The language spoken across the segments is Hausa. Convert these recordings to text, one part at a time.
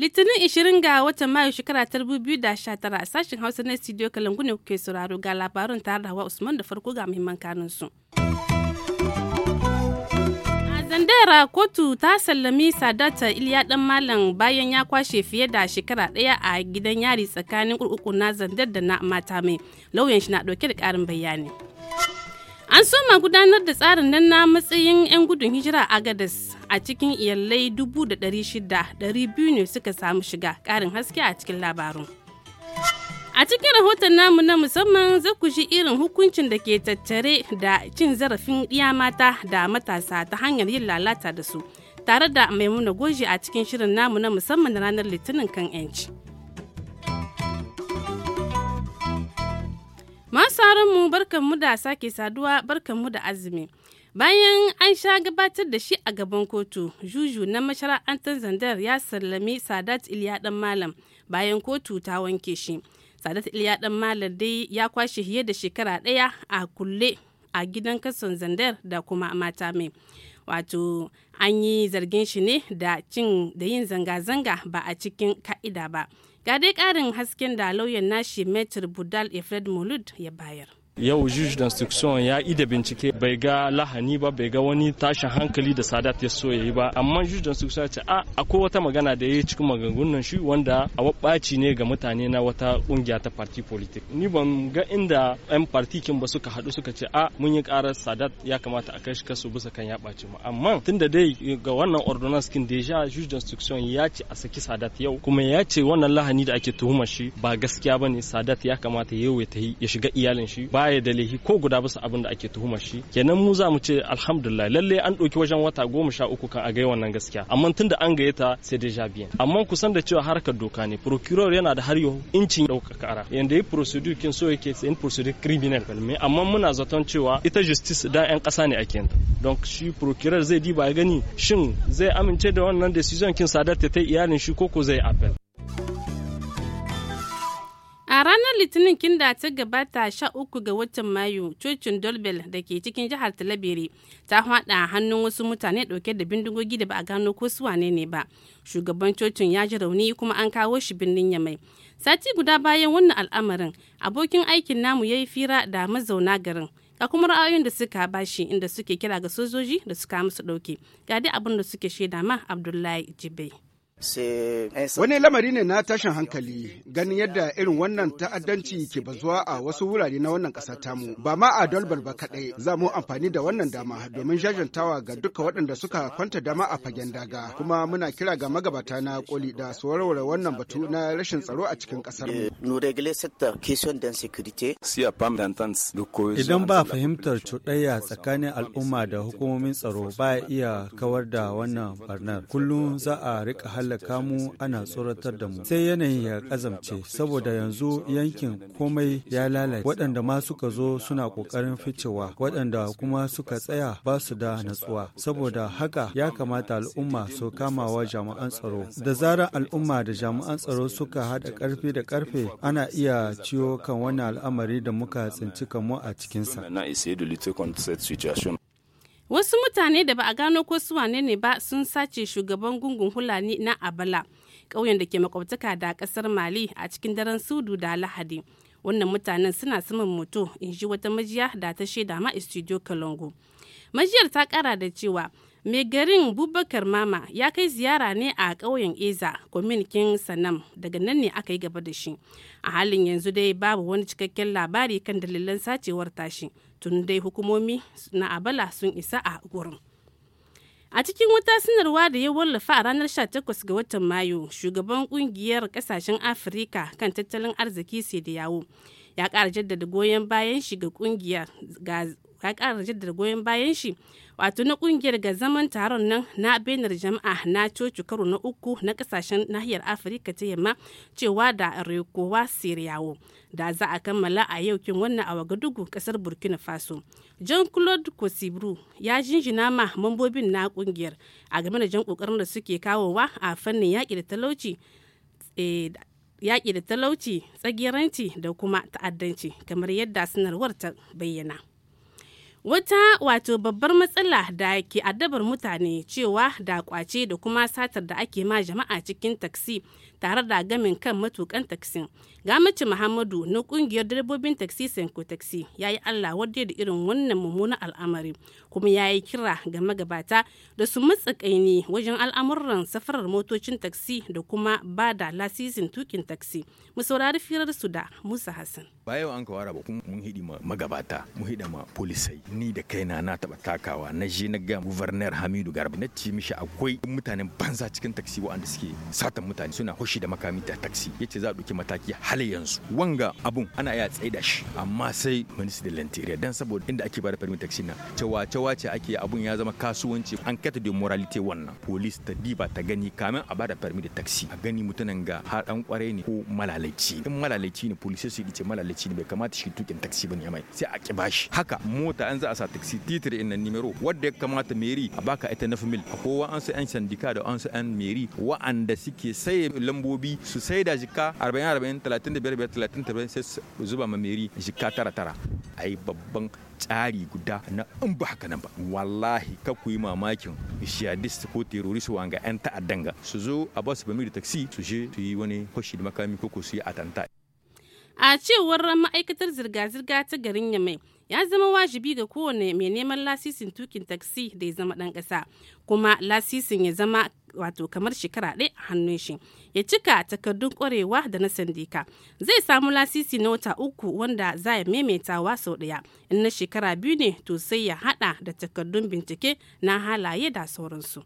Litinin 20 ga watan Mayu shekara ta 2019 sashen Hausa na studio Kalangu ne kuke sauraro ga labarin tare da Hawa Usman da farko ga muhimman kanunsu. su. Bandera kotu ta sallami Sadata Iliya dan Malam bayan ya kwashe fiye da shekara ɗaya a gidan yari tsakanin kurkuku na zandar da na mata mai lauyan shi na ɗauke da ƙarin bayani. An soma gudanar da tsarin nan na matsayin 'yan gudun hijira a Gadas a cikin iyalai 600,200 ne suka samu shiga ƙarin haske a cikin labarin. A cikin rahoton namu na musamman za ku ji irin hukuncin da ke tattare da cin zarafin ɗiya mata da matasa ta hanyar yin lalata da su, tare da maimuna goji a cikin shirin namu na musamman ranar litinin kan 'yanci. Masu mu barkanmu da sake saduwa barkanmu da azumi. Bayan an sha gabatar da shi a gaban kotu, Juju na mashara'antar Zandar ya sallami Sadat Iliya ɗan Malam bayan kotu ta wanke shi. sadat iliya dan malam dai ya kwashe fiye da shekara ɗaya a kulle a gidan kasan zandar da kuma mata mai wato an yi zargin shi ne da cin da yin zanga-zanga ba a cikin ka'ida ba ga dai ƙarin hasken da lauyan nashi metr budal efred mulud ya bayar yau juge d'instruction ya yi da bincike bai ga lahani ba bai ga wani tashin hankali da sadat ya so ya yi ba amma juge d'instruction ya ce a ah, akwai wata magana da ya yi cikin maganganun shi wanda a wabaci ne ga mutane na wata kungiya ta party politik ni ban ga inda yan kin ba suka haɗu suka ce a ah, mun yi karar sadat ya kamata a kai shi kasu bisa kan ya ɓaci mu amma tunda dai ga wannan ordonance kin deja juge d'instruction ya ce a saki sadat yau kuma ya ce wannan lahani da ake tuhuma shi ba gaskiya bane sadat ya kamata yau ya ta ya shiga iyalin shi ba baya da ko guda bisa abin da ake tuhuma shi kenan mu za mu ce alhamdulillah lalle an ɗauki wajen wata goma sha uku kan a gai wannan gaskiya amma tun da an gayyata sai dai jabiyan amma kusan da cewa harkar doka ne procureur yana da har yau incin ɗaukar kara yanda yi procedure kin so yake in procedure criminal amma muna zaton cewa ita justice da 'yan ƙasa ne ake yanta don shi procureur zai diba ya gani shin zai amince da wannan decision kin sadar ta iyalin shi ko ko zai appel A ranar Litinin kin da ta gabata sha uku ga watan Mayu, cocin Dolbel da ke cikin jihar Talabere ta haɗa hannun wasu mutane dauke da bindigogi da ba a gano ko su wane ne ba. Shugaban cocin ya ji rauni kuma an kawo shi birnin Yamai. Sati guda bayan wannan al'amarin, abokin aikin namu ya yi fira da mazauna garin. Ga kuma ra'ayoyin da suka bashi inda suke kira ga sojoji da suka musu ɗauke. Ga dai abin da suke shaida ma Abdullahi Jibai. Wani lamari ne na tashin hankali ganin yadda irin wannan ta'addanci ke bazuwa a wasu wurare na wannan ƙasa tamu. Ba ma a dolbar ba kaɗai za mu amfani da wannan dama domin jajantawa ga duka waɗanda suka kwanta dama a fagen daga. Kuma muna kira ga magabata na koli da su warware wannan batu na rashin tsaro a cikin ƙasar mu. Eh, Idan ba fahimtar cuɗayya tsakanin al'umma da hukumomin tsaro ba iya kawar da wannan barnar. Kullum za a riƙa hal tallaka mu ana tsoratar da mu sai yanayin ya kazamce saboda yanzu yankin komai ya lalace waɗanda ma suka zo suna ƙoƙarin ficewa waɗanda kuma suka tsaya ba su da natsuwa saboda haka ya kamata al'umma su kamawa jami'an tsaro da zarar al'umma da jami'an tsaro suka haɗa ƙarfi da ƙarfe ana iya ciwo kan wannan al'amari da muka tsinci kanmu a cikinsa Wasu mutane da ba a gano ko su wane ne ba sun sace shugaban gungun Hulani na Abala, ƙauyen da ke makwabtaka da ƙasar Mali a cikin daren Sudu da Lahadi. Wannan mutanen suna saman moto, in ji wata majiya da ta shaida ma Studio Kalongo. Majiyar ta ƙara da cewa mai garin bubakar mama ya kai ziyara ne a ƙauyen eza kominikin sanam daga nan ne aka yi gaba da shi a halin yanzu dai babu wani cikakken labari kan dalilan sacewar tashi tun dai hukumomi na abala sun isa a gurin a cikin wata sanarwa da ya wallafa a ranar 18 ga watan mayu shugaban kungiyar kasashen afirka kan tattalin arziki sai da yawo ya ƙara jaddada goyon bayan shi ga kungiyar ya kara jaddada goyon bayan shi wato na kungiyar ga zaman taron nan na benar jama'a na coci karo na uku na kasashen nahiyar afirka ta yamma cewa da rekowa siriyawo da za a kammala a yau kin wannan a wagadugu kasar burkina faso jan claude kosibru ya jinjina ma mambobin na kungiyar a game da jan kokarin da suke kawowa a fannin yaƙi da talauci eh, yaƙi da talauci tsagiranci da kuma ta'addanci kamar yadda sanarwar ta bayyana wata wato babbar matsala da ke addabar mutane cewa da kwace da kuma satar da ake ma jama'a cikin taksi tare da gamin kan matukan taksin gamaci muhammadu na kungiyar direbobin taksi senko taksi ya yi allah wadda da irin wannan mummunan al'amari kuma ya yi kira ga magabata da su matsa kaini wajen al'amuran safarar motocin taksi da kuma ba da lasisin tukin taksi mu saurari firar su da musa hassan ba an kawara ba kuma mun hidi magabata mun hidima ma polisai ni da kai na na taba takawa na je na ga guverner hamidu garba na ce mishi akwai mutanen banza cikin taksi waɗanda suke satan mutane suna hushi da makami ta taksi yace za a ɗauki mataki hal yanzu wanga abun ana iya da shi amma sai ministry da interior dan saboda inda ake bada permit taksi na cewa cewa ce ake abun ya zama kasuwanci an kata da morality wannan police ta diba ta gani kamin a bada permit taksi a gani mutanen ga har dan kware ne ko malalaci in malalaci ne police su ce malalaci ne bai kamata shi tukin taksi bane mai sai a ki shi haka mota an nan za a sa taxi titir in nan nimero wadda ya kamata meri a baka ita na a ko an su yan sandika da an su yan meri wa'anda suke saye lambobi su sai da jika 40 40 35 35 sai su zuba ma meri jika tara tara a yi babban tsari guda na in ba haka nan ba wallahi ka ku yi mamakin jihadist ko terrorist wanga 'yan ta'addanga su zo a basu bamiri taxi su je su yi wani kwashi da makami ko su yi atanta A cewar ma'aikatar zirga-zirga ta garin Yamai, ya zama wajibi ga kowane mai neman lasisin tukin taksi da ya zama ɗan ƙasa kuma lasisin ya zama wato kamar shekara ɗaya a hannun shi ya cika takardun ƙwarewa da na sandika zai samu lasisi na wata uku wanda za ya maimaitawa sau ɗaya in na shekara biyu ne to sai ya haɗa da takardun bincike na halaye da sauransu.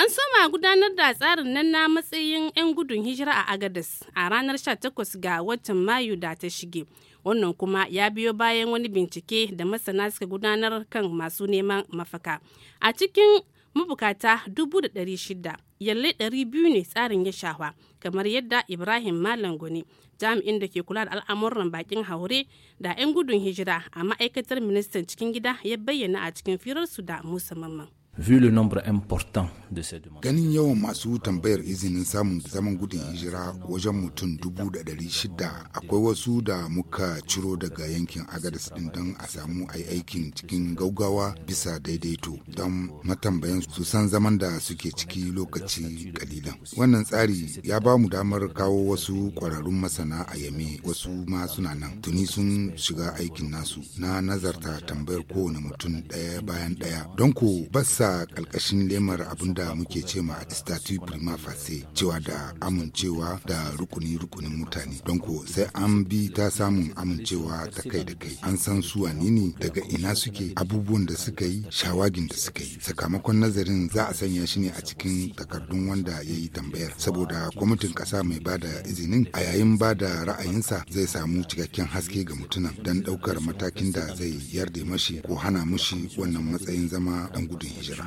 An soma gudanar da tsarin nan na matsayin 'yan gudun hijira a agadis a ranar 18 ga watan Mayu da ta shige. Wannan kuma ya biyo bayan wani bincike da masana suka gudanar kan masu neman mafaka. A cikin mabukata 600 yalle 200 ne tsarin ya shafa kamar yadda Ibrahim Malam Goni jami'in da ke kula da al'amuran bakin haure da 'yan gudun hijira a ma'aikatar ministan cikin gida ya bayyana a cikin firarsu da Musa Mamman. vu le nombre important de ces demandes. Ganin yawan masu tambayar izinin samun zaman gudun hijira wajen mutum dubu da dari shida akwai wasu da muka ciro daga yankin Agadas din don a samu a aikin cikin gaugawa bisa daidaito don matambayan su san zaman da suke ciki lokaci kalilan. Wannan tsari ya ba mu damar kawo wasu kwararrun masana a yame wasu ma suna nan tuni sun shiga aikin nasu na nazarta tambayar kowane mutum ɗaya bayan ɗaya don ku basa kalkashin lemar abin da muke ce ma statu prima facie cewa da amincewa da rukuni rukunin mutane don ko sai an bi ta samun amincewa ta kai da kai an san su ne daga ina suke abubuwan da suka yi shawagin da suka yi sakamakon nazarin za a sanya shi ne a cikin takardun wanda ya yi tambayar saboda kwamitin ƙasa mai ba da izinin a yayin ba da ra'ayinsa zai samu cikakken haske ga mutunan don ɗaukar matakin da zai yarda mashi ko hana mashi wannan matsayin zama dan gudun hijira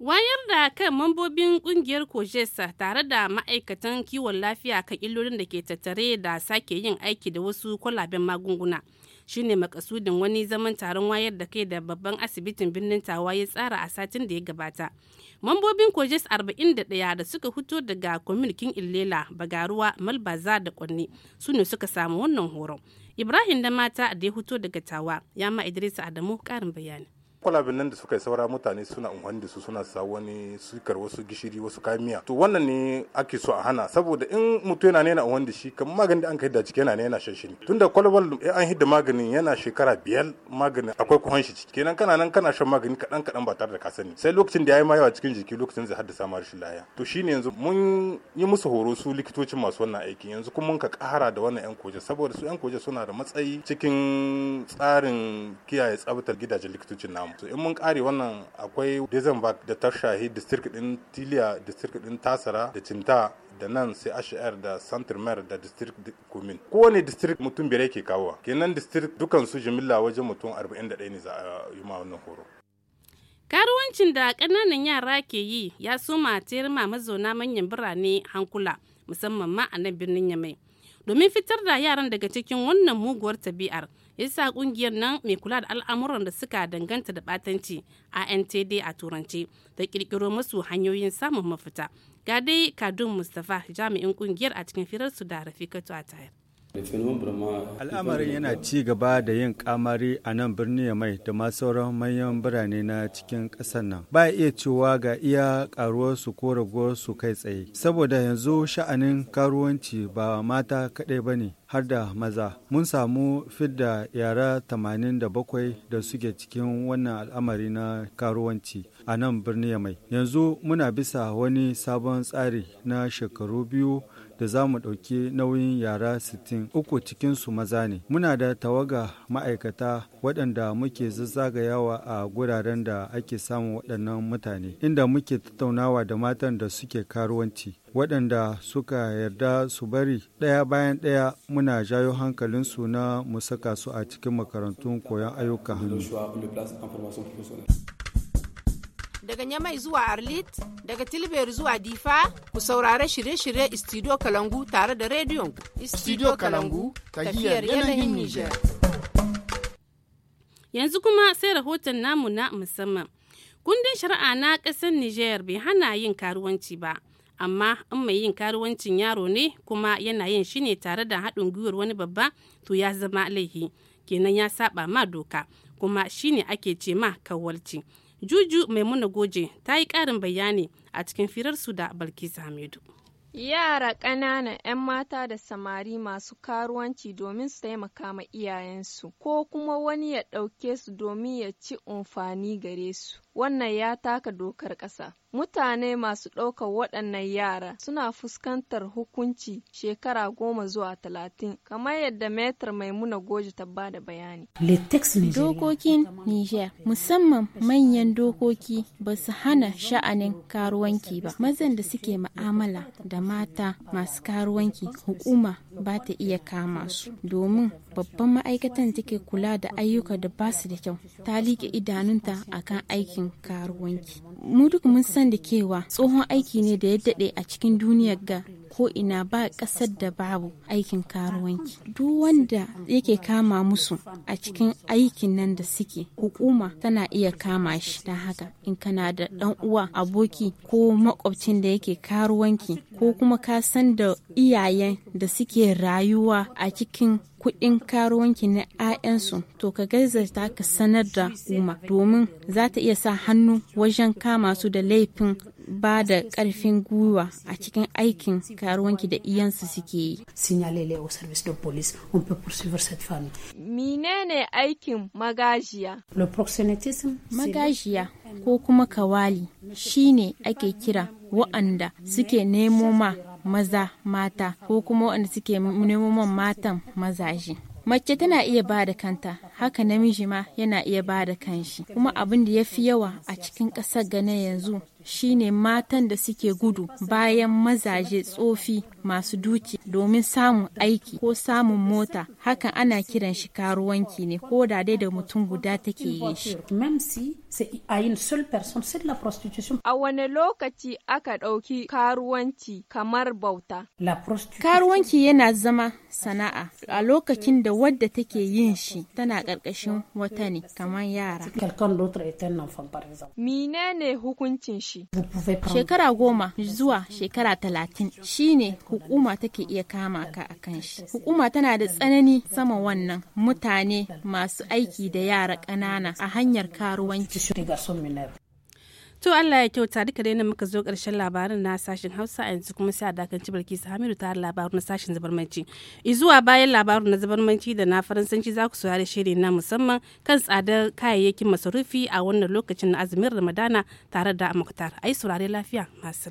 Wayar da kan mambobin kungiyar Kojesa tare da ma'aikatan kiwon lafiya kan illolin da ke tattare da sake yin aiki da wasu kwalaben magunguna shi ne makasudin wani zaman taron wayar da kai da babban asibitin birnin tawa ya tsara a satin da ya gabata. Mambobin Kojes 41 da suka fito daga kwamitin Illela, Bagaruwa, Malbaza da Kwanne su ne suka samu wannan horon. Ibrahim da mata da ya fito daga tawa ya ma Idrisa Adamu karin bayani. kwalabin nan da suka yi saura mutane suna unhwani da su suna sa wani sukar wasu gishiri wasu kamiya. miya to wannan ne ake so a hana saboda in mutum yana nena unhwani da shi kamar magani da an kai da ciki yana ne yana shan shi tunda tunda kwalabal an hidda maganin yana shekara biyar maganin akwai kuhan shi ciki kenan kana nan kana shan magani kadan kaɗan ba tare da ka sani sai lokacin da ya yi ma yawa cikin jiki lokacin zai haddasa ma rashin lafiya to shine yanzu mun yi musu horo su likitocin masu wannan aiki yanzu kuma mun ka kara da wannan 'yan koje saboda su 'yan koje suna da matsayi cikin tsarin kiyaye tsabtar gidajen likitocin namu to in mun kare wannan akwai dizenbach da ta shahi district din tiliya district din tasara da cinta da nan sai hr da santirmer da district kumin kowane district mutum biyar yake kawowa kenan district su jimilla wajen mutum 41 ne za a yi ma wannan horo karuwancin da kananan yara ke yi ya soma ma mazauna manyan birane hankula musamman ma a nan birnin yamai domin fitar da yaran daga cikin wannan muguwar tabi'ar yasa kungiyar nan mai kula da al'amuran da suka danganta da batanci antd a turanci da kirkiro masu hanyoyin samun mafita ga dai kadun mustapha jami'in kungiyar a cikin firarsu da rafikatu a tayar Al'amarin yana ci gaba da yin kamari a nan birni mai da ma sauran manyan birane na cikin ƙasar nan. Ba iya cewa ga iya karuwarsu ko raguwarsu kai tsaye. Saboda yanzu sha'anin karuwanci ba mata kaɗai ba ne har da maza. Mun samu fidda yara tamanin da bakwai da suke cikin wannan al'amari na karuwanci a nan birni mai. Yanzu muna bisa wani sabon tsari na shekaru biyu da za mu ɗauki nauyin yara 60 uku cikinsu maza ne. Muna da tawaga ma'aikata waɗanda muke zazzagayawa a guraren da ake samun waɗannan mutane, inda muke tattaunawa da matan da suke karuwanci. waɗanda suka yarda su bari ɗaya bayan ɗaya muna jayo hankalinsu na mu saka su a cikin makarantun koyon ayyukan hannu. daga Nyamai zuwa Arlit, daga Tilber zuwa Difa, ku saurare shirye-shirye studio Kalangu tare da rediyon studio Kalangu, tafiyar yanayin Nijar. Yanzu kuma sai rahoton namu na musamman. Kundin shari'a na ƙasar Nijar bai hana yin karuwanci ba. amma in mai yin karuwancin yaro ne kuma yana yin shi ne tare da haɗin gwiwar wani babba to ya zama laihi kenan ya saba ma doka kuma shine ake ce ma kawalci Juju Maimuna Goje ta yi ƙarin bayani a cikin firarsu da balkisa Hamidu. Yara ƙanana 'yan mata da samari masu karuwanci domin su taimaka ma iyayensu ko kuma wani ya ɗauke su domin ya ci umfani gare su. wannan ya taka dokar ƙasa. Mutane masu ɗaukar waɗannan yara suna fuskantar hukunci shekara goma zuwa talatin, kamar yadda metar maimuna goji ta da bayani. Dokokin Niger, musamman manyan dokoki ba su hana sha'anin karuwanki ba. Mazan da suke ma'amala da mata masu karuwanki hukuma ba ta iya kama su. Domin babban ma'aikatan take kula da ayyuka da ba su da kyau, ta liƙe idanunta akan aikin karuwanki. Mu duk mun san da kewa tsohon aiki ne da ya daɗe a cikin duniyar ga ko ina ba ƙasar da babu aikin karuwanci duk wanda yake kama musu a cikin aikin nan da suke hukuma tana iya kama shi ta haka in kana da dan uwa aboki ko makwabcin da yake karuwanki ko kuma ka san da iyayen da suke rayuwa a cikin kuɗin karuwanki na 'ya'yansu to ka ta ka sanar da hukuma domin za ta iya sa hannu wajen kama su da laifin ba da ƙarfin gwiwa a cikin aikin karuwanki da iyansu suke yi. Menene aikin magajiya? Magajiya ko kuma kawali shi ne ake kira wa'anda suke nemo ma maza mata ko kuma wa'anda suke nemo ma matan mazaje. mace tana iya ba da kanta haka namiji ma yana iya ba da kanshi kuma abin da ya fi yawa a cikin ƙasar gane yanzu shine matan da suke gudu bayan mazaje tsofi masu duki domin samun aiki ko samun mota hakan ana kiran shi karuwanki ne ko da dai da mutum guda take yi shi. A wane lokaci aka ɗauki karuwanci kamar bauta? Karuwanci yana zama sana'a a lokacin da wadda take yin shi tana ƙarƙashin wata ne kamar yara. Mine ne hukuncin shi? Shekara goma zuwa shekara talatin shine hukuma take iya iya kama ka a kan shi hukuma tana da tsanani sama wannan mutane masu aiki da yara kanana a hanyar karuwanci to Allah ya kyauta duka dai muka zo karshen labarin na sashen Hausa a yanzu kuma sai a dakanci Bilkisu Hamidu ta labaru na sashen zabarmanci. zuwa bayan labarun na zabarmanci da na Faransanci za ku saurari shiri na musamman kan tsadar kayayyakin masarufi a wannan lokacin na azumin Ramadana tare da Amakutar. Ai saurare lafiya masu.